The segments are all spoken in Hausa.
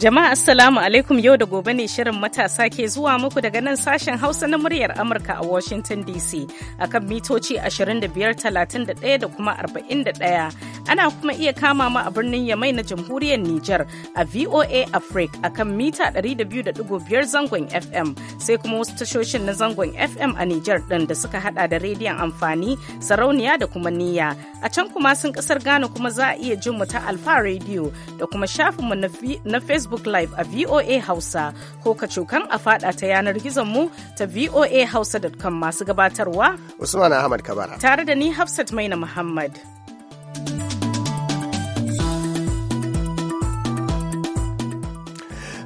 Jama'a Assalamu alaikum yau da gobe ne shirin matasa ke zuwa muku daga nan sashen Hausa na muryar Amurka a Washington DC akan mitoci 25,31 da kuma 41. Ana kuma iya kama mu a birnin Yamai na Jamhuriyar Nijar a VOA Africa akan mita 200.5 zangon FM sai kuma wasu tashoshin na zangon FM a Nijar ɗin da suka hada da rediyon amfani, sarauniya da kuma niyya. A can kuma sun ƙasar Ghana kuma za a iya jin mu ta Alfa Radio da kuma shafinmu na Facebook Facebook Live a VOA Hausa ko ka cokan a fada ta yanar mu ta voahausa.com masu gabatarwa. Usman Ahmad Kabara. Tare da ni Hafsat Maina Muhammad.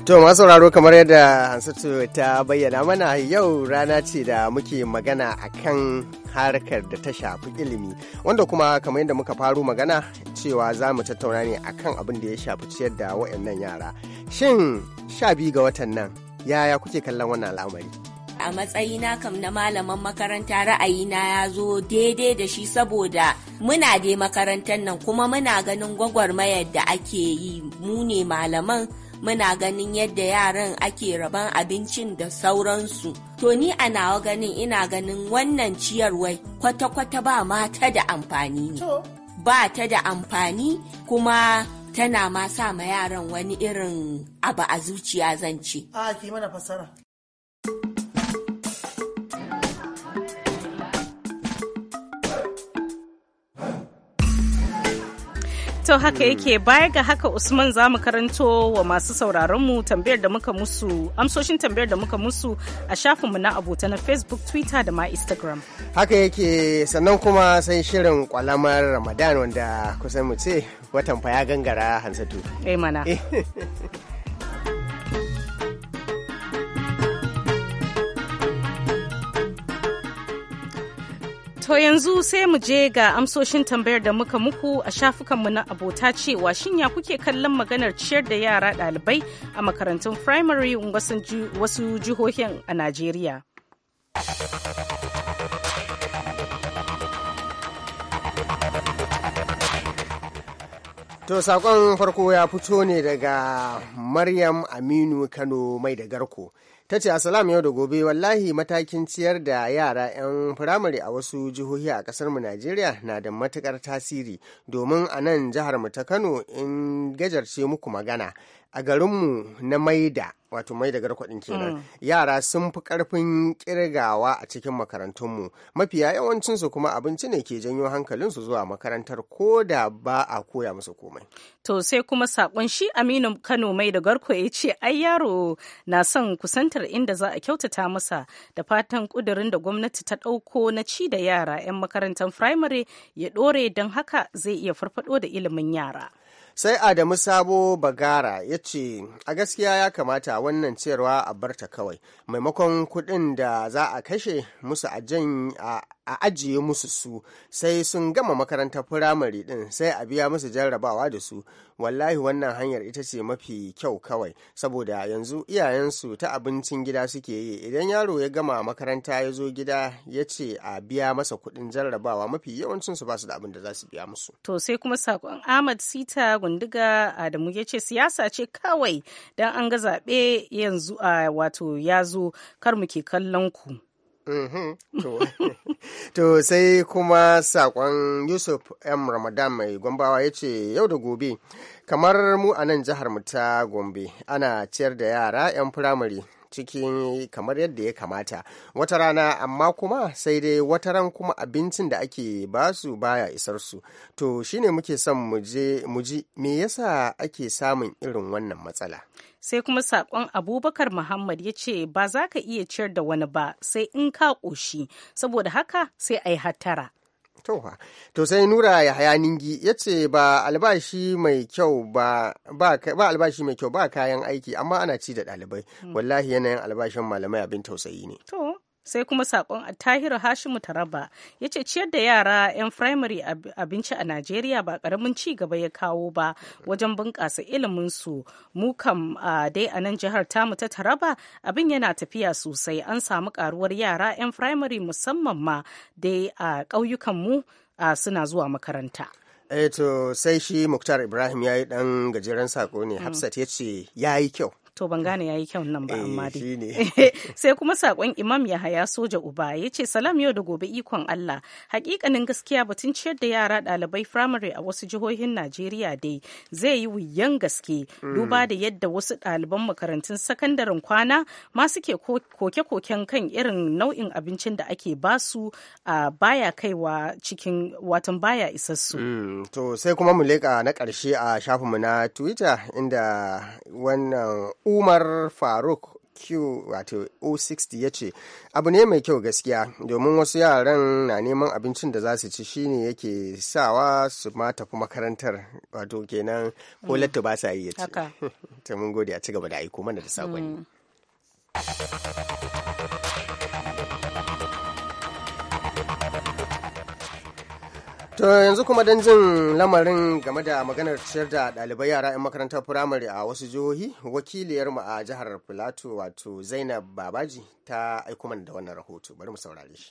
To masu sauraro kamar yadda Hansatu ta bayyana mana yau rana ce da muke magana a kan harkar da ta shafi ilimi wanda kuma kamar yadda muka faro magana cewa za mu tattauna ne a kan abin da ya shafi ciyar da nan yara. Shin sha biyu ga watan nan yaya kuke kallon wannan al'amari? A matsayina kam na malaman makaranta ra'ayi na ya zo daidai da shi saboda muna dai makarantar nan kuma muna ganin gwagwarmayar da ake yi mu ne malaman muna ganin yadda yaran ake raban abincin da sauransu. To ni a nawa ganin ina ganin wannan ciyarwai kwata-kwata ba ma ta da amfani ne. Ba ta da amfani kuma tana ma sa ma yaran wani irin abu a zuciya zance. A to haka yake baya ga haka Usman za mu karanto wa masu sauraronmu tambayar da muka musu amsoshin tambayar da muka musu a shafinmu na abota na Facebook, Twitter da ma Instagram. Haka yake sannan kuma sai shirin kwalamar Ramadan wanda kusan mu ce watan fa ya gangara Hansatu. Eh mana. To yanzu sai mu je ga amsoshin tambayar da muka muku a shafukanmu na abota cewa shinya kuke kallon maganar ciyar da yara ɗalibai a makarantun firamare wasu jihohin a Najeriya. To sakon farko ya fito ne daga Maryam Aminu Kano mai da garko. ta ce asalam yau da gobe wallahi matakin ciyar da yara 'yan firamare a wasu jihohi a kasar mu najeriya na da matukar tasiri domin a nan jihar mu ta kano in gajarce muku magana a garinmu na maida wato mai da garkwadin kenan mm. yara sun fi karfin kirgawa a cikin makarantunmu mafiya yawancinsu kuma abinci ne ke janyo hankalinsu zuwa makarantar ko da ba a koya musu komai to sai kuma sakon shi aminu kano mai da garko ya ce ai yaro na son kusantar inda za a kyautata masa da fatan kudirin da gwamnati ta ɗauko na ci da yara 'yan makarantar firamare ya dore don haka zai iya farfado da ilimin yara sai adamu sabo bagara ya ce a gaskiya ya kamata wannan ciyarwa a barta kawai maimakon kuɗin da za a kashe musu a a ajiye musu su sai sun gama makarantar firamare din sai a biya musu jarrabawa da su wallahi wannan hanyar ita ce mafi kyau kawai saboda yanzu iyayensu ta abincin gida suke yi idan yaro ya gama makaranta ya zo gida ya ce a biya masa kuɗin jarrabawa mafi yawancin su basu da abin da za su biya musu to sai kuma sakon ahmad sita gundiga adamu ya ce siyasa ce kawai dan an ga zaɓe yanzu a wato ya zo kar mu ke kallon ku Mm-hmm. To sai kuma sakon Yusuf M. Ramadan mai gombawa ya ce yau da gobe, kamar mu a nan jihar mu ta Gombe ana ciyar da yara 'yan firamare cikin kamar yadda ya kamata wata rana amma kuma sai dai wata ran kuma abincin da ake basu baya isar su to shine muke son mu ji me yasa ake samun irin wannan matsala sai kuma sakon abubakar muhammad ya ce ba za ka iya ciyar da wani ba sai in ka ƙoshi saboda haka sai a yi hatara to sai Nura Yahaya Ningi ya ce ba albashi mai kyau ba albashi mai kyau ba kayan aiki amma ana ci da ɗalibai hmm. wallahi yanayin albashin malamai abin tausayi ne. To, sai kuma sakon tahiru hashimu taraba ya ce ciyar da yara 'yan firamare abinci a najeriya ba karamin ci gaba ya kawo ba wajen bunƙasa iliminsu mu kam dai a nan jihar tamu ta taraba abin yana tafiya sosai an samu karuwar yara 'yan firamare musamman ma dai a ƙauyukan mu suna zuwa makaranta eh, sai shi muktar ibrahim ya yi ɗan gajeren sako ne mm. hafsat ya ce ya yi kyau to ban gane yayi kyau nan ba amma eh, dai sai kuma sakon imam ya haya soja uba ya ce salam yau da gobe ikon allah hakikanin gaskiya batun ciyar da yara ɗalibai firamare a wasu jihohin najeriya dai zai yi wuyan gaske hmm. duba da yadda wasu ɗaliban makarantun sakandaren kwana ma suke koke-koken kan irin nau'in abincin da ake basu a baya kaiwa cikin watan baya isassu hmm, to sai kuma mu leka na karshe a shafinmu na twitter inda wannan Umar Faruk Q wato O60 ya ce abu ne mai kyau gaskiya domin wasu yaran na neman abincin da za su ci shine yake sawa su ma tafi makarantar wato kenan ko mm. latta ba sa yi ya ce. Ta mun gode a ci gaba da aiko mana da sakonni. Mm. To yanzu kuma don jin lamarin game da maganar ciyar da ɗalibai yara 'yan makarantar firamare a wasu jihohi wakiliyarmu a jihar Filato wato Zainab Babaji ta aiko mana da wannan rahoto bari mu saurare shi.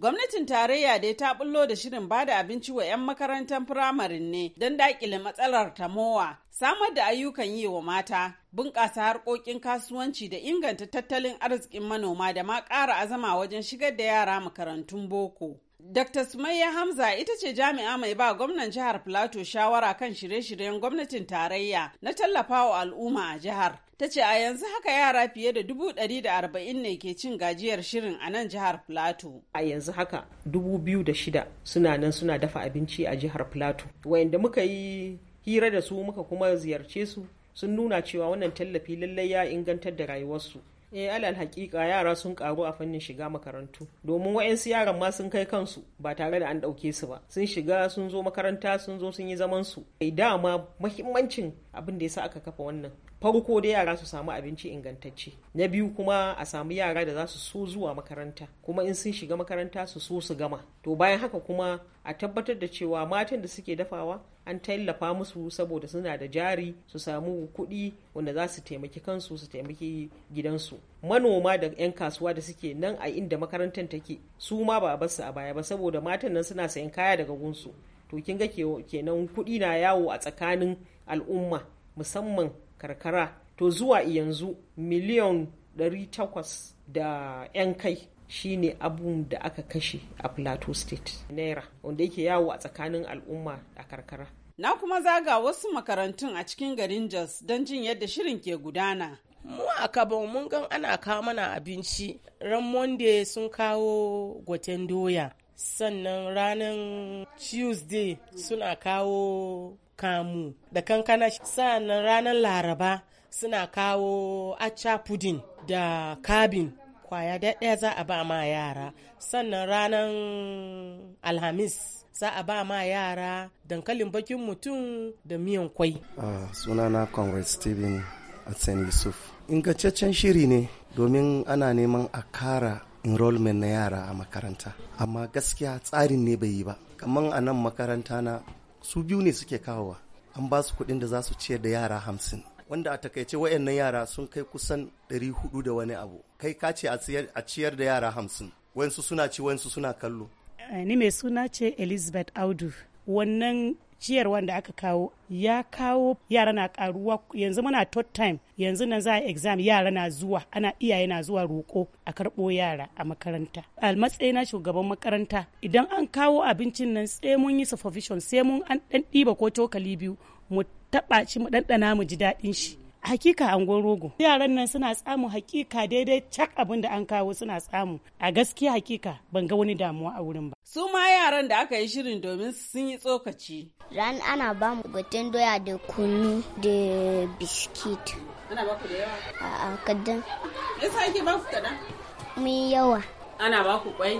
Gwamnatin tarayya dai ta bullo da shirin bada abinci wa 'yan makarantar firamarin ne don dakile matsalar tamowa, samar da ayyukan yi wa mata, bunƙasa harkokin kasuwanci da inganta tattalin arzikin manoma da ma ƙara azama wajen shigar da yara makarantun boko. Dr. Sumayya Hamza ita ce jami'a mai ba gwamnan jihar Plateau shawara kan shirye-shiryen gwamnatin tarayya na tallafawa al'umma a jihar. Ta ce a yanzu haka yara fiye da dubu ɗari da arba'in ne ke cin gajiyar shirin a nan jihar Plateau. A yanzu haka dubu biyu da shida suna nan suna dafa abinci a jihar Plateau. Wayanda muka yi hira da su muka kuma ziyarce su sun nuna cewa wannan tallafi lallai ya ingantar da rayuwarsu. eh alal hakika yara sun karu a fannin shiga makarantu domin wa'yansu yaran ma sun kai kansu ba tare da an ɗauke su ba sun shiga sun zo makaranta sun zo sun yi zaman su eh, dama mahimmancin abin da yasa aka kafa wannan farko dai yara su samu abinci ingantacce na biyu kuma a samu yara da za su so zuwa makaranta kuma in sun shiga makaranta su so su gama to bayan haka kuma a tabbatar da cewa matan da suke dafawa an tallafa musu saboda suna da jari su samu kuɗi wanda za su taimaki kansu su taimaki gidansu manoma da 'yan kasuwa da suke nan a inda makarantar take su ma ba a su a baya ba saboda matan nan suna sayan kaya daga gunsu to kin ga kenan kuɗi na yawo a tsakanin al'umma musamman karkara to zuwa yanzu miliyan 800 da 'yan kai shine abun da aka kashe a plateau state naira wanda yake yawo a tsakanin al'umma a karkara Na kuma zaga wasu makarantun a cikin garin Jos don jin yadda shirin ke gudana. Mu a mun gan ana kawo mana abinci. Ran Monday sun kawo gwaten doya. Sannan ranar Tuesday suna kawo kamu da kankana. Sannan ranar Laraba suna kawo acha pudding da kabin. kwaya ɗaya za a ba ma yara sannan ranar alhamis za a ba ma yara dankalin bakin mutum da miyan kwai ah, sunana conrad steven atsen yusuf ingantaccen shiri ne domin ana neman a kara enrollment na yara a makaranta amma gaskiya tsarin ne bai yi ba kamar a nan makaranta na su biyu ne suke kawowa an ba su kuɗin da za su ciyar da yara hamsin wanda a takaice wayannan yara sun kai kusan 400 da wani abu kai ka ce a ciyar da yara hamsin wayansu suna ci wayansu suna kallo eh, ni mai suna ce elizabeth audu wannan ciyar wanda aka kawo ya kawo yara na karuwa yanzu muna tot time yanzu nan za a exam yara na zuwa ana iyaye na zuwa roko a karɓo yara a makaranta a matsayi na shugaban makaranta idan an kawo abincin nan sai mun yi supervision sai mun an ɗan ɗiba ko cokali biyu mu taɓa shi mu ɗanɗana mu ji daɗin shi hakika angon rogo yaran nan suna samu hakika daidai cak abin da an kawo suna samu a gaskiya hakika ban ga wani damuwa a wurin ba su ma yaran da aka yi shirin domin sun yi tsokaci ran ana ba mu gwaten doya da kunu da biskit ana ba ku da yawa a kadan yasa ake ba ku kadan mun yawa ana ba ku kwai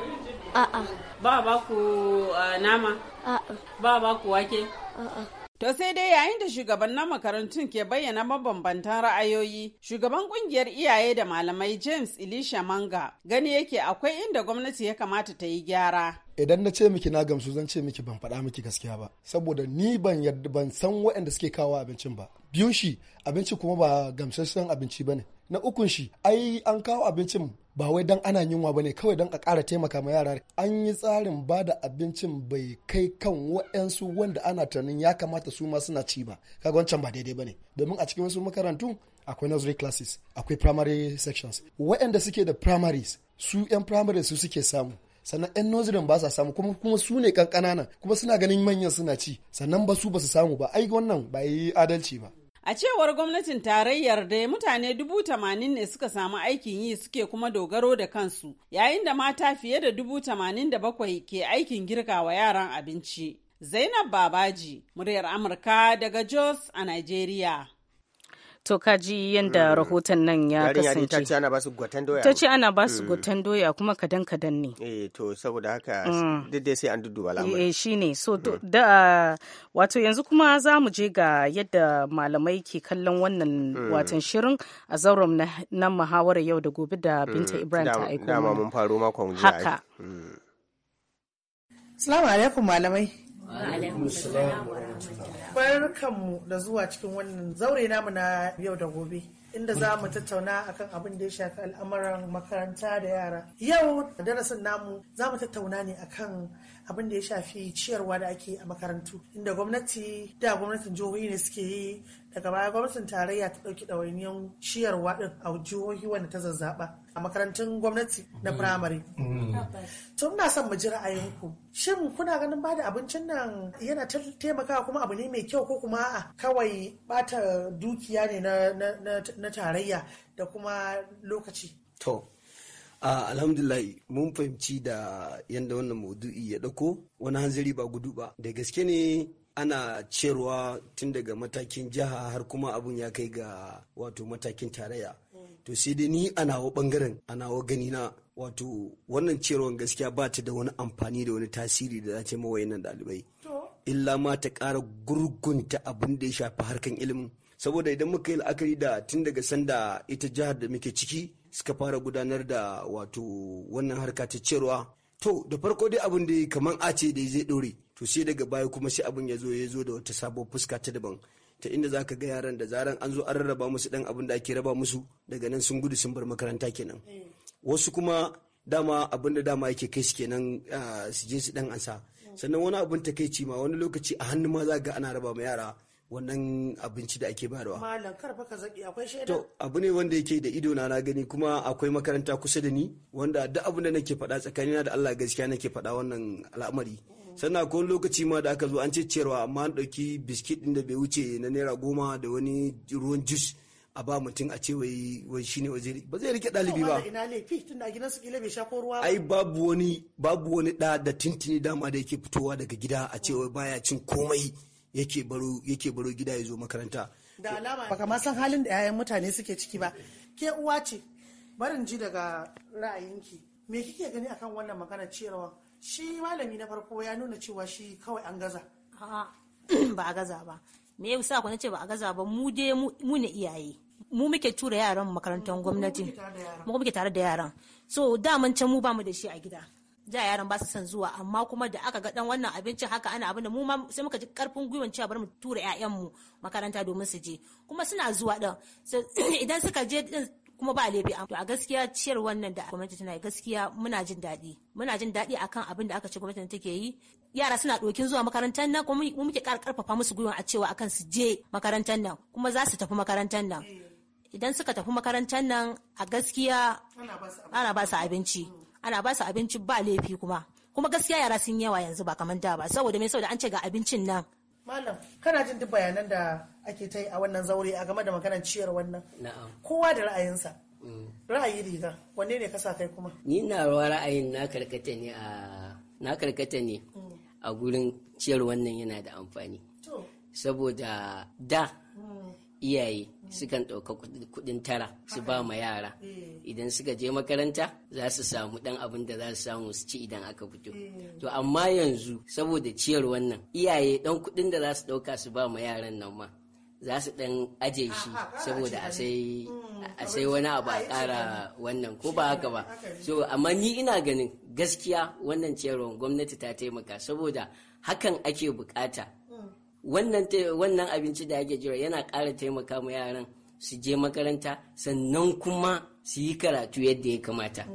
a'a ba ba ku ah, nama a'a ba ba ku wake a'a To sai dai yayin da shugabannin makarantun ke bayyana mabambantan ra'ayoyi, shugaban kungiyar iyaye da malamai James Elisha Manga gani yake akwai inda gwamnati ya kamata ta yi gyara. Idan na ce miki na gamsu zan ce miki ban faɗa miki gaskiya ba, saboda ni ban ban san waɗanda suke kawo abincin ba. biyun shi abinci kuma ba gamsasshen abinci ba ne na ukun shi ai an kawo abincin ba wai dan ana yunwa ne kawai dan a kara taimaka ma yara an yi tsarin ba da abincin bai kai kan waɗansu wanda ana tunanin ya kamata su ma suna ci ba kaga wancan ba daidai ba ne domin a cikin wasu makarantu akwai nursery classes akwai primary sections waɗanda suke da primaries su 'yan primaries su suke samu sannan 'yan nursery ba sa samu kuma kuma su ne kankananan kuma suna ganin manyan suna ci sannan ba su ba su samu ba ai wannan ba yi adalci ba A cewar gwamnatin tarayyar dai mutane dubu tamanin ne suka samu aikin yi suke kuma dogaro da kansu yayin da mata fiye da dubu tamanin da bakwai ke aikin girka wa yaran abinci. Zainab Babaji, muryar Amurka daga Jos a Nigeria. to ka ji yadda mm. rahoton nan ya kasance ta ce ana basu gwatan doya ta ce ana basu mm. gwatan doya kuma kadan kadan ne eh to saboda haka mm. duk dai sai an dudduba lamarin eh shine so da wato yanzu kuma za mu je ga yadda malamai ke kallon wannan watan shirin a zauren na muhawarar yau da gobe da binta ibrahim ta aiko dama mun faro makon jiya haka Salamu alaikum malamai. Wa alaikum salam Barkanmu da zuwa cikin wannan zaure namu na yau da gobe. Inda za mu tattauna akan abin da ya shafi al'amuran makaranta da yara. Yau darasin namu za mu tattauna ne akan abin da ya shafi ciyarwa da ake a makarantu. Inda gwamnati da gwamnatin jihohi ne suke yi daga baya gwamnatin tarayya ta ɗauki ɗawainiyar ciyarwa din a jihohi wanda ta zazzaɓa. a makarantun gwamnati na mm. firamare. Mm. To muna son mu ji ra'ayinku. Shin kuna ganin bada abincin nan yana taimakawa kuma abu ne mai kyau ko kuma a kawai bata dukiya ne na tarayya da kuma lokaci? To, alhamdu alhamdulillah mun fahimci da yadda wannan maudu'i ya dauko wani hanzari ba gudu ba da gaske ne ana ciyarwa tun daga matakin jiha har kuma abun ya kai ga wato matakin tarayya to sai dai ni a nawa bangaren a nawa gani na wato wannan cewar gaskiya ba ta da wani amfani da wani tasiri da za ta yi wayannan ɗalibai illa ma ta ƙara gurgunta abin da ya shafi harkan ilimin saboda idan muka yi la'akari da tun daga sanda ita jihar da muke ciki suka fara gudanar da wato wannan harka ta ciyarwa to da farko dai abin da kamar a ce da zai ɗore to sai daga baya kuma sai abin ya zo ya zo da wata sabuwar fuska ta daban ta inda za ka ga yaran da zaran an zo an rarraba musu dan abin da ake raba musu daga nan sun gudu sun bar makaranta kenan wasu kuma dama abin da dama yake kai su kenan su je su dan ansa sannan wani abin takaici ma wani lokaci a hannu ma za ga ana raba ma yara wannan abinci da ake bayarwa. Malam karfa ka zaki akwai shaida. To abu ne wanda yake da ido na gani kuma akwai makaranta kusa da ni wanda duk abin da nake faɗa tsakanina da Allah gaskiya nake faɗa wannan al'amari. sannan akwai lokaci ma da aka zo an ciyarwa amma an ɗauki biskit ɗin da bai wuce na naira goma da wani ruwan jus a ba mutum a ce wai wai shine waje ba zai rike ɗalibi ba ai babu wani babu da da tintini dama da yake fitowa daga gida a ce wai baya cin komai yake baro gida ya zo makaranta da alama ma san halin da 'ya'yan mutane suke ciki ba ke uwa ce barin ji daga ra'ayinki me kike gani akan wannan magana ciyarwa shi malami na farko ya nuna cewa shi kawai an gaza ba a gaza ba me sa ku nace ba a gaza ba mu de mu ne iyaye mu muke tura yaran makarantar gwamnati mu muke tare da yaran so daman can mu ba mu da shi a gida da yaran ba su son zuwa amma kuma da aka ga dan wannan abincin haka ana abin da mu ma sai muka ji karfin gwiwan cewa bar mu tura 'ya'yan mu makaranta domin su je kuma suna zuwa din idan suka je kuma ba laifi to a gaskiya ciyar wannan da gwamnati tana gaskiya muna jin daɗi muna jin daɗi akan abin da aka ce gwamnati take yi yara suna ɗokin zuwa makarantar nan kuma muke ƙara ƙarfafa musu gwiwa a cewa akan su je makarantar nan kuma za su tafi makarantar nan idan suka tafi makarantar nan a gaskiya ana ba su abinci ana ba su abinci ba laifi kuma kuma gaskiya yara sun yawa yanzu ba kamar da ba saboda me saboda an ce ga abincin nan malam kana jin duk bayanan da ake ta yi a wannan zaure a game da maganar ciyar wannan kowa da ra'ayinsa mm. ra'ayi riga wanne ne ka kai kuma ni na rawa ra'ayin na karkata ne mm. a gurin ciyar wannan yana da amfani saboda da iyaye sukan ɗauka kuɗin tara su ba ma yara eh. idan suka je makaranta za su samu ɗan abin da za su samu su ci idan aka fito eh. to amma yanzu saboda ciyar wannan iyaye ɗan kuɗin da za su ɗauka su ba ma yaran nan ma za su ɗan aje shi saboda a hmm, sai wani abu a ƙara wannan ko ba haka ba so amma ni ina ganin gaskiya wannan ciyarwar gwamnati ta taimaka saboda hakan ake bukata wannan abinci da ake jira yana kara taimaka ma yaran su je makaranta sannan kuma su yi karatu yadda ya kamata.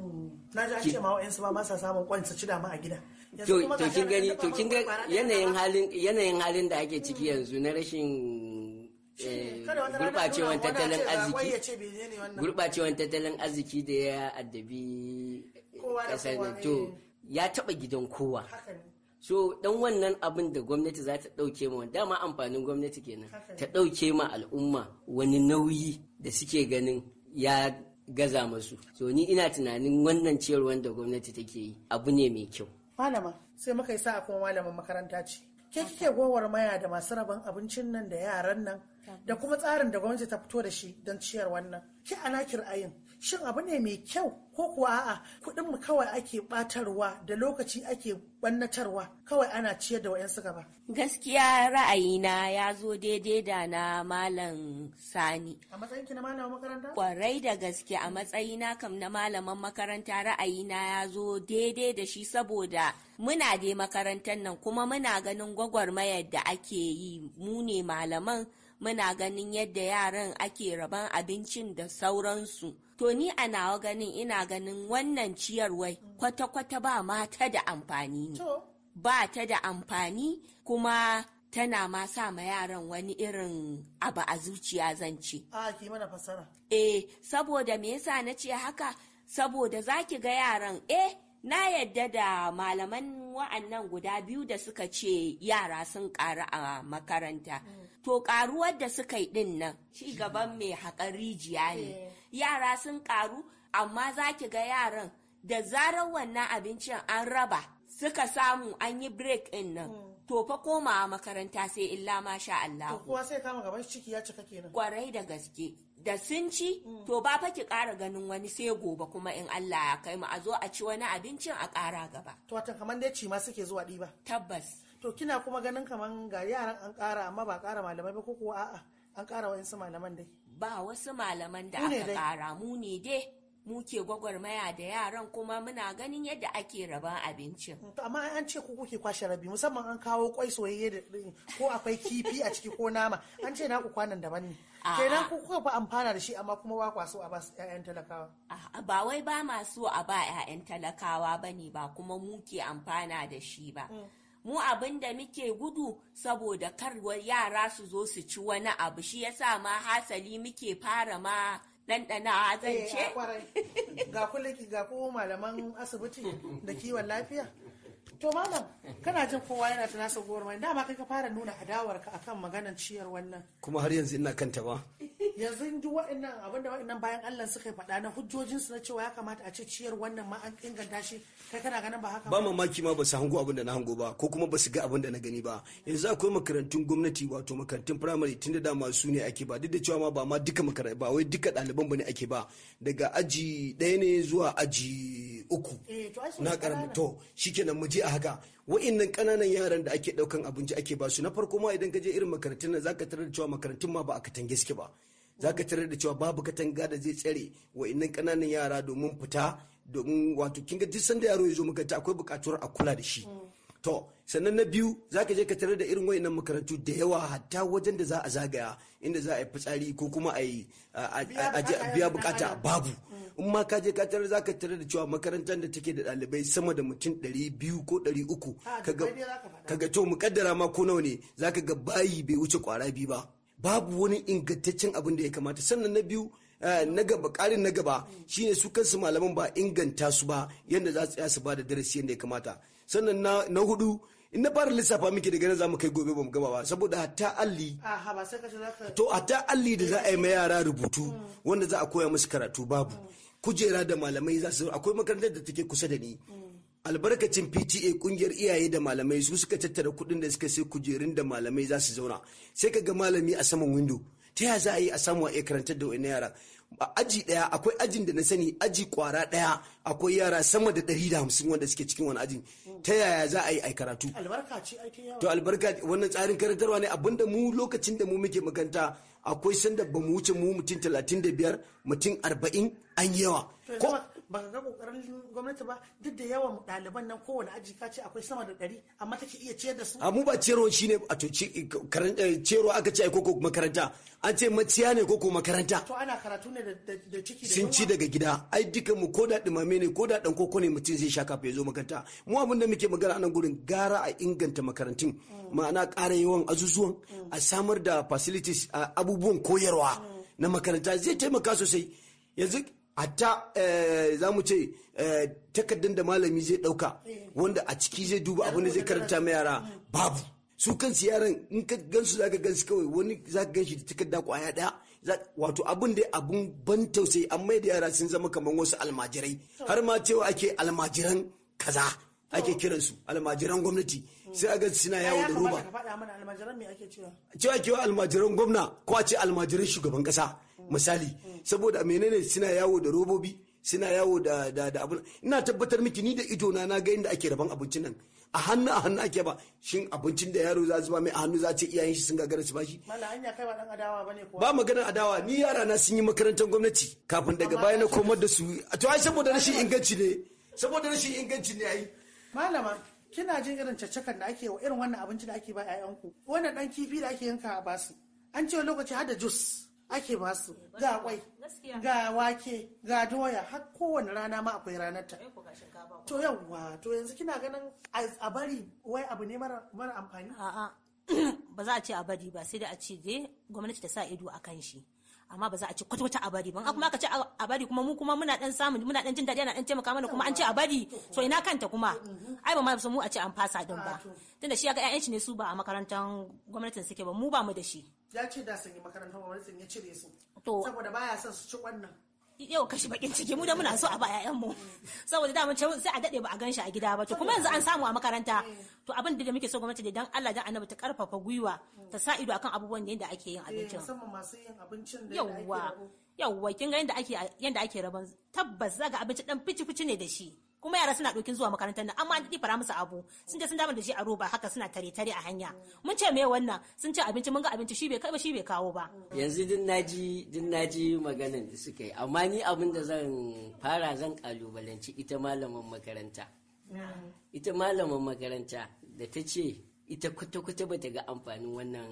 yanayin halin da ake ciki hmm. yanzu na rashin eh, gurbacewan tattalin arziki da ya addabi kasar to eh. ya taɓa gidan kowa. so dan wannan abin da gwamnati za ta ɗauke ma dama amfanin gwamnati kenan ta ɗauke ma al'umma wani nauyi da suke ganin ya gaza masu so ni ina tunanin wannan ciyarwar da gwamnati take yi abu ne mai kyau malama sai muka yi sa'a kuma malamin makaranta ce ke kike gowar maya da masu rabon abincin nan da yaran nan da kuma tsarin da gwamnati ta fito da shi don ciyar wannan ki ana kir'ayin shin abu ne mai kyau ko kuwa a'a kuɗin mu kawai ake ɓatarwa da lokaci ake bannatarwa kawai ana ciyar da wayansu gaba gaskiya ra'ayina ya zo daidai da na malam sani a matsayinki na malamin makaranta kwarai da gaske a na kam na malaman makaranta ra'ayina ya zo daidai da shi saboda muna dai makarantar nan kuma muna ganin gwagwarmayar da ake yi mu ne malaman muna ganin yadda yaran ake raban abincin da sauransu to ni a nawa ganin ina ganin wannan ciyarwai kwata-kwata ba ma ta da amfani ne ba ta da amfani kuma tana ma sa ma yaran wani irin abu a zuciya zance ce. A ki mana fasara. Eh, saboda me yasa na ce haka? Saboda za ki ga yaran eh na yadda da malaman wa'annan guda biyu da suka ce yara sun ƙaru a makaranta. to karuwar da suka yi din nan ci gaban mai haƙar rijiya ne eh. yara sun karu amma za ki ga yaran da zarar wannan abincin an raba suka samu an yi break in nan hmm. to fa komawa makaranta sai illa ma sha Allah kowa sai kama gaban ciki ya cika kenan kwarai da gaske da sun ci hmm. to ba fa ki ƙara ganin wani sai gobe kuma in Allah ya kai mu a zo a ci wani abincin a ƙara gaba to wata kamar dai ci ma suke zuwa ɗiba tabbas to kina kuma ganin kaman ga yaran an kara amma ba kara malamai ba ko kuwa a'a an kara wa insu malaman dai ba wasu malaman da aka kara mu ne dai mu ke gwagwarmaya da yaran kuma muna ganin yadda ake raban abincin. amma an ce ku kuke kwashe rabi musamman an kawo kwai soyayye da ko akwai kifi a ciki ko nama an ce naku kwanan daban ne. kenan ku kuka fa amfana da shi amma kuma ba kwaso a ba ƴaƴan talakawa. ba wai ba ma so a ba ƴaƴan talakawa bane ba kuma mu ke amfana da shi ba. Mm. mu abin da muke gudu saboda kar yara su zo su ci wani abu shi yasa ma hasali muke fara ma ɗanɗana zan zance. Eh, ga kuliki ga ko malaman asibiti da kiwon lafiya to malam kana jin kowa yana ta nasa gowar mai dama kai ka fara nuna adawarka akan maganar ciyar wannan kuma har yanzu ina kanta ba yanzu duk wa'annan abin da wa'annan bayan Allah suka faɗa na hujjojin su na cewa ya kamata a ce ciyar wannan ma an inganta shi kai kana ganin ba haka ba mamaki ma ba su hango abin da na hango ba ko kuma ba su ga abin da na gani ba yanzu akwai makarantun gwamnati wato makarantun firamare tunda da masu su ne ake ba duk da cewa ma ba ma duka makarantun ba wai duka ɗaliban ba ne ake ba daga aji ɗaya ne zuwa aji uku eh, na karamin to shikenan mu je a haka wa'annan ƙananan yaran da ake ɗaukan abinci ake ba su na farko ma idan ka je irin makarantun nan zaka tarar da cewa makarantun ma ba a katange suke ba za ka tarar da cewa babu katanga da zai tsare wa'annan kananan yara domin fita domin wato kinga ga duk sanda yaro ya zo makaranta akwai buƙatuwar a kula da shi to sannan na biyu za ka je ka tarar da irin wa'annan makarantu da yawa hatta wajen da za a zagaya inda za a yi fitsari ko kuma a yi biya bukata babu mm. in ma ka je ka tarar za ka tarar da cewa makarantar da take da ɗalibai sama da mutum ɗari biyu ko ɗari uku ah, kaga to mukaddara ma ko nawa ne za ka ga bayi bai wuce kwara biyu ba babu wani ingantaccen abin da ya kamata sannan na biyu eh, na gaba karin na gaba shine su kansu malaman ba inganta su ba yadda za su su ba da darasi yadda ya kamata sannan na hudu in na fara lissafa miki daga nan zamu kai gobe bamu gaba ba saboda hatta alli to hatta alli da za a yi ma yara rubutu wanda za a koya musu karatu babu mm. kujera da malamai za su akwai makarantar da take kusa da ni mm. albarkacin pta kungiyar iyaye da malamai su suka tattara kuɗin da suka sai kujerun da malamai za su zauna sai ka ga malami a saman windo ta yaya za a yi a samu a karantar da wani yara a aji daya akwai ajin da na sani aji kwara daya akwai yara sama da ɗari da hamsin wanda suke cikin wani ajin ta yaya za a yi a karatu to albarka wannan tsarin karantarwa ne abinda mu lokacin da mu muke makanta akwai sanda ba mu wuce mu mutum talatin da biyar mutum arba'in an yawa ba ga kokarin gwamnati ba duk da yawan ɗaliban nan kowane aji ka ce akwai sama da ɗari amma take iya ciyar da su a ba ciyarwa shine a to cero aka ce ai koko makaranta an ce maciya ne koko makaranta to ana karatu ne da ciki da sun ci daga gida ai duka mu ko da dumame ne ko da dan koko ne mutum zai sha kafin ya zo makaranta mu abin da muke magana anan gurin gara a inganta makarantun ma'ana ƙara yawan azuzuwan a samar da facilities abubuwan koyarwa na makaranta zai taimaka sosai yanzu hatta eh, za mu ce eh, takardar da malami zai ɗauka wanda a ciki zai duba abin da zai karanta ma yara babu su kansu yaran in ka gansu za ka gansu kawai wani za ka ganshi da takarda kwaya ɗaya wato abin da abun ban tausayi amma da yara sun zama kamar wasu almajirai har ma cewa ake almajiran kaza ake su almajiran gwamnati sai a gaji suna yawo da roba cewa kewa almajiran gwamna ko a ce almajiran shugaban kasa misali saboda menene suna yawo da robobi suna yawo da da abu ina tabbatar miki ni da ido na na ga inda ake raban abincin nan a hannu a hannu ake ba shin abincin da yaro za zuba mai a hannu za ce iyayen shi sun gagara su ba shi ba maganar adawa ni yara na sun yi makarantar gwamnati kafin daga baya na komar da su to ai saboda rashin inganci ne saboda rashin inganci ne ai malama kina jin irin caccakan da ake wa irin wannan abinci da ake ba ku wannan dan kifi da ake yanka a basu an ce lokaci har da jus ake basu ga kwai ga wake ga doya har kowane rana ma akwai ranar ta eh to yawwa to yanzu kina ganin a bari wai abu ne mara amfani a'a ba za a ce a bari ba sai da a ce dai gwamnati ta sa ido a kan shi amma ba za a ci kwata kwata a bari ba kuma aka ci a bari kuma mu kuma muna dan samu muna dan jin dadi ana dan taimaka mana kuma an ci a bari so ina kanta kuma ai ba ma mu a ci an fasa din ba tunda shi ya ga ƴaƴan shi ne su ba a makarantar gwamnatin suke ba mu ba mu da shi ya ce da sun yi makarantar gwamnatin ya cire su saboda baya son su ci wannan yau kashi bakin ciki mu da muna so a ba yayan mu saboda da mun sai a dade ba a ganshi a gida ba to kuma yanzu an samu a makaranta to abin da muke so gwamnati da dan Allah dan Annabi ta karfafa gwiwa ta sa ido akan abubuwan da yanda ake yin eh, abincin musamman masu yin abincin da kin ga yanda ake yanda ake rabon tabbas zaga abinci dan fici fici ne da shi kuma yara suna ɗokin zuwa makarantar nan amma an daɗi fara musu abu sun je sun dama da shi a roba haka suna tare tare a hanya mun ce me wannan sun ce abinci mun ga abinci shi bai kai ba shi bai kawo ba yanzu din naji din naji maganan da suka yi amma ni abin da zan fara zan kalubalanci ita malaman makaranta ita malaman makaranta da ta ce ita kwata-kwata bata ga amfanin wannan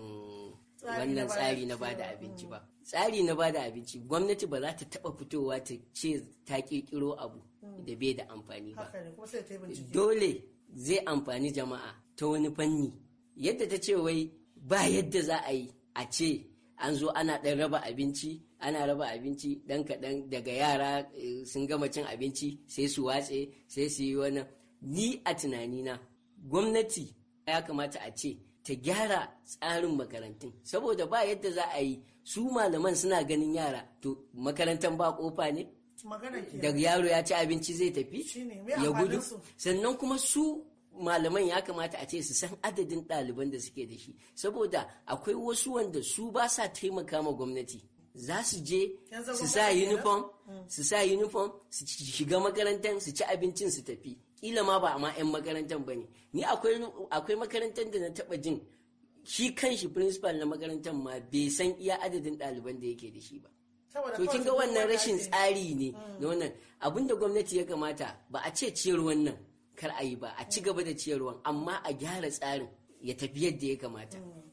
wannan tsari na bada abinci ba tsari na bada abinci gwamnati ba za ta taba fitowa ta ce ta kirkiro abu hmm. da bai da amfani ba dole zai amfani jama'a ta wani fanni yadda ta ce wai ba yadda za a yi a ce an zo ana ɗan raba abinci ana raba abinci ɗan kaɗan daga yara eh, sun gama cin abinci sai su watse sai su yi wani ni a tunanina gwamnati ya kamata a ce ta gyara tsarin makarantun saboda ba yadda za a yi su malaman suna ganin yara to makarantar ba kofa ne da yaro ya ci abinci zai tafi ya gudu sannan kuma su malaman ya kamata a ce su san adadin ɗaliban da suke da shi saboda akwai wasu wanda su ba sa taimaka ma gwamnati za su je mm. su sa uniform su sa uniform su shiga makarantar su ci abincin su tafi kila ma ba ma 'yan makarantar ba ne ni akwai makarantar da na taba jin shi kanshi principal na makarantar ma bai san iya adadin ɗaliban da yake da shi ba to kin ga wannan rashin tsari ne mm. na wannan abin da gwamnati ya kamata ba a ce ciyar wannan kar a yi ba a ci gaba da ciyarwan amma a gyara tsarin ya tafi yadda ya kamata mm.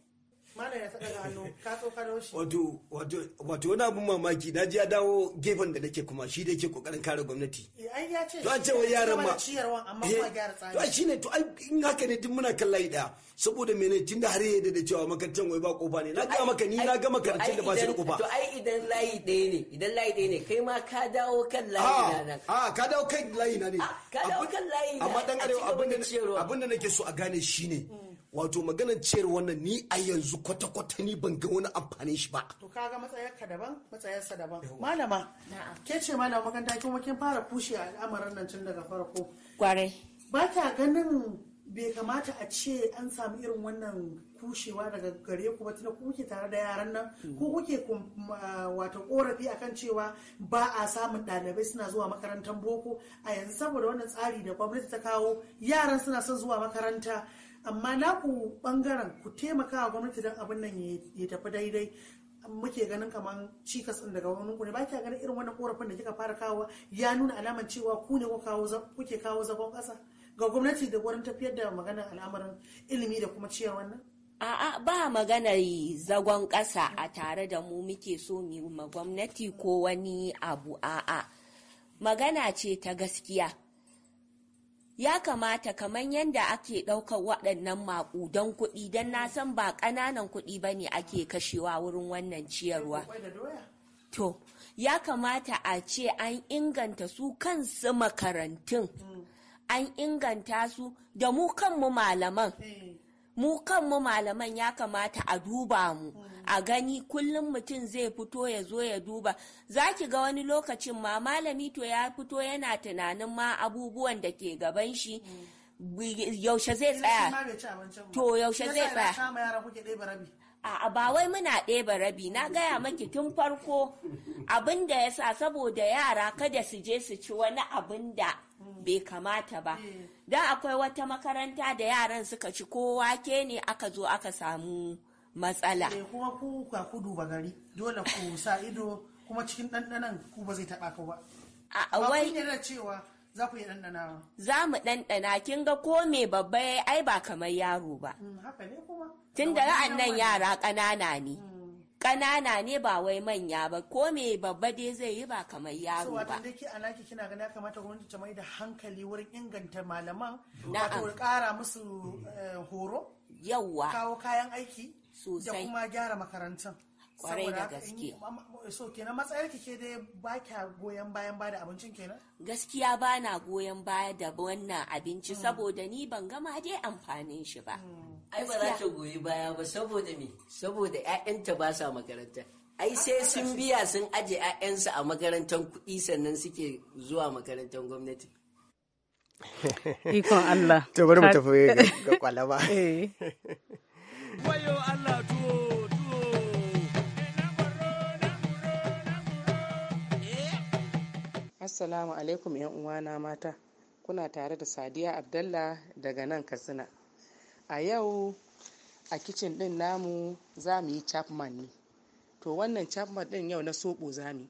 ya saka ka shi wato wato wato wani abun mamaki na ji ya dawo gefen da nake kuma shi da yake kokarin kare gwamnati eh, ai ya ce to an ce wa yaran ma ciyarwan amma ba eh, gyara tsari to shine to ai in haka ne duk muna kallai da saboda mene tunda har ya da cewa makarantar wai ba kofa ne na ga maka ni na ga makarantar da ba shi da kofa to ai idan layi ɗaya ne idan layi ɗaya ne kai ma ka dawo kan layi ah, na nan a ah, ka dawo kan layi na ne ah, ka dawo kan layi na amma dan arewa abinda nake so a gane shine mm. wato maganar ciyar wannan ni a yanzu kwata-kwata ni ban ga wani amfanin shi ba. To kaga matsayarka daban matsayarsa daban. Malama ke ce malama maganda kuma kin fara kushe al'amarin nan tun daga farko. Ba ta ganin bai kamata a ce an samu irin wannan kushewa daga gare ku ba tunda kuke tare da yaran nan hmm. ko kuke wato korafi akan cewa ba a samun ɗalibai suna zuwa makarantar boko a yanzu saboda wannan tsari da gwamnati ta kawo yaran suna son zuwa makaranta amma naku bangaren ku taimaka wa gwamnati don abin nan ya tafi daidai muke ganin kamar cikas ɗin daga wani ku ne ba ganin irin wannan korafin da kika fara kawo ya nuna alaman cewa ku ne kuke kawo zagon ƙasa ga gwamnati da wurin tafiyar da maganar al'amarin ilimi da kuma ciyar wannan A'a ba maganar zagon ƙasa a tare da mu muke so mu ma gwamnati ko wani abu a'a magana ce ta gaskiya ya kamata kamar yadda ake ɗaukar waɗannan maƙudan kuɗi don na san ba ƙananan kuɗi ba ne ake kashewa wurin wannan ciyarwa. To, ya kamata a ce an inganta su kansu makarantun, an inganta su da mu kanmu malaman. Eh. mu kanmu malaman ya kamata a duba mu mm. a gani kullum mutum zai fito ya zo ya duba za ki ga wani lokacin ma malami to ya fito yana tunanin ma abubuwan da ke gaban shi yaushe zai tsaya to yaushe zai tsaya A'a ba wai muna ɗeba rabi na gaya maki tun farko abin da ya sa saboda yara kada su je su ci wani abin da bai kamata ba. Eh. Don akwai wata makaranta da yaran suka ci kowa ke ne aka zo aka samu matsala. Eh, kuma ku ka ku duba gari dole ku sa ido kuma cikin ɗanɗanan ku ba zai taɓa ka ba. A wai. Ba cewa za ku yi ɗanɗana ba. Za mu ɗanɗana kin ga ko me babba ya ai ba kamar yaro ba. Mm, haka ne kuma. Tun da ra'an nan yara ƙanana ne. Mm. Ƙanana ne ba wai manya ba ko me babba dai zai yi ba kamar yaro ba. So watan dake alaki kina gani ya kamata gwamnati ta mai da hankali wurin inganta malaman. Na'am. Wato ƙara musu eh, horo. Yawwa. Kawo kayan aiki. da kuma gyara makarantar kwarai da gaske so kenan matsayar ki ke dai ba goyon bayan ba da abincin kenan gaskiya ba na goyon baya da wannan abinci hmm. saboda ni ban gama dai amfanin shi ba hmm. ai ba za ta goyi baya ba saboda me saboda ƴaƴanta ba sa makaranta ai sai sun biya sun aje ƴaƴansu a makarantar kuɗi sannan suke zuwa makarantar gwamnati ikon Allah to bari mu tafi ga kwalaba eh. Wayo Allah tuwo eh? Assalamu alaikum yan uwana mata. Kuna tare da Sadiya Abdallah daga nan Katsina. A yau a kicin ɗin namu za mu yi chapman ne. To wannan chapman ɗin yau na soɓo za mu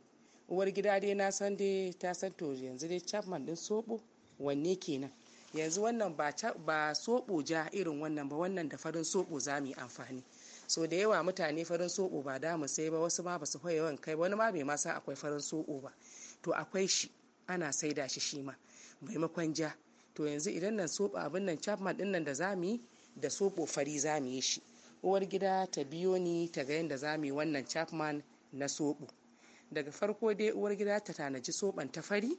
Uwar gida dai na san dai ta san to yanzu dai chapman ɗin soɓo wanne kenan. yanzu wannan ba soɓo ja irin wannan ba wannan da farin soɓo za mu yi amfani so da yawa mutane farin soɓo ba damu sai ba wasu ma ba su yawan kai wani ma bai ma san akwai farin soɓo ba to akwai shi ana saida shi shi ma maimakon ja to yanzu idan nan soɓo abin nan chapman din nan da za mu yi da soɓo fari za mu yi shi uwar gida ta biyo ni ta ga yadda za mu yi wannan chapman na soɓo daga farko dai uwar gida ta tanaji soɓon ta fari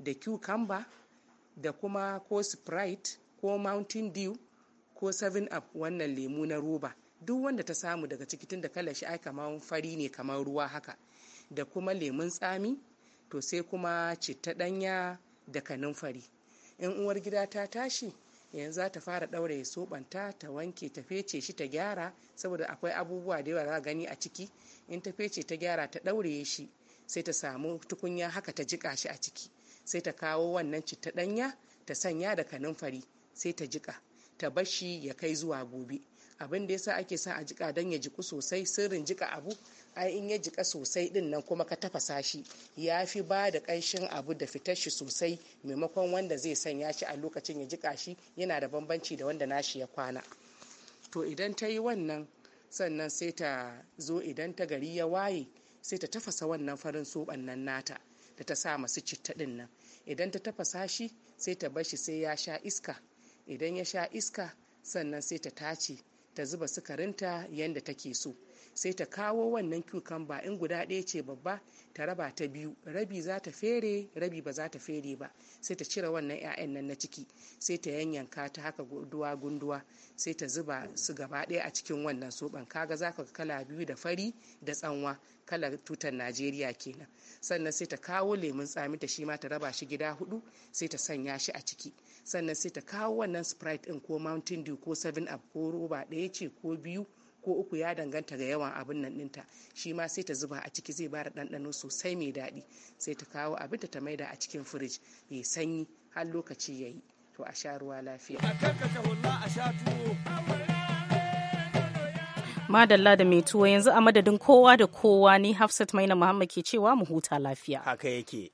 da cucumber da kuma ko sprite ko mountain dew ko 7up wannan lemu na roba duk wanda ta samu daga ciki tun da kalar shi ai kamar fari ne kamar ruwa haka da kuma lemun tsami to sai kuma citta ɗanya da kanunfari in uwar gida ta tashi yanzu za ta fara ɗaure ya soɓanta ta wanke ta fece shi ta gyara saboda akwai abubuwa da yawa za gani a ciki in ta fece ta gyara ta ɗaure shi sai ta samu tukunya haka ta jiƙa shi a ciki sai ta kawo wannan citta ɗanya ta sanya da kanunfari sai ta jika ta bashi ya kai zuwa gobe abin da yasa ake sa a jika don ya jiku sosai sirrin jika abu ai in ya jika sosai din nan kuma ka tafasa shi ya fi ba da kanshin abu da fitar shi sosai maimakon wanda zai sanya shi a lokacin ya jika shi yana da bambanci da wanda nashi ya kwana to idan ta yi wannan sannan sai ta zo idan ta gari ya waye sai ta tafasa wannan farin soban nan nata da ta sa masu citta din nan idan ta tafasa shi sai ta bar shi sai ya sha iska idan ya sha iska sannan sai ta tace ta zuba sukarinta yadda take so sai ta kawo wannan cucumber in guda ɗaya ce babba ta raba ta biyu rabi za ta fere rabi ba za ta fere ba sai ta cire wannan 'ya'yan nan na ciki sai ta yanyanka ta haka gunduwa gunduwa sai ta zuba su gaba ɗaya a cikin wannan soban kaga za ka kala biyu da fari da tsanwa kalar tutar najeriya kenan sannan sai ta kawo lemun tsami ta shi ma ta raba shi gida hudu sai ta sanya shi a ciki sannan sai ta kawo wannan sprite din ko mountain dew ko 7 up ko roba ɗaya ce ko biyu ko uku ya danganta ga yawan abin nan ɗinta shi ma sai ta zuba a ciki zai bara ɗanɗano sosai mai daɗi sai ta kawo abin ta maida a cikin firij ya sanyi har lokaci ya yi to a sha ruwa lafiya. Madalla da mai tuwo yanzu a madadin kowa da kowa ne Hafsat Maina Muhammad ke cewa mu huta lafiya. Haka yake.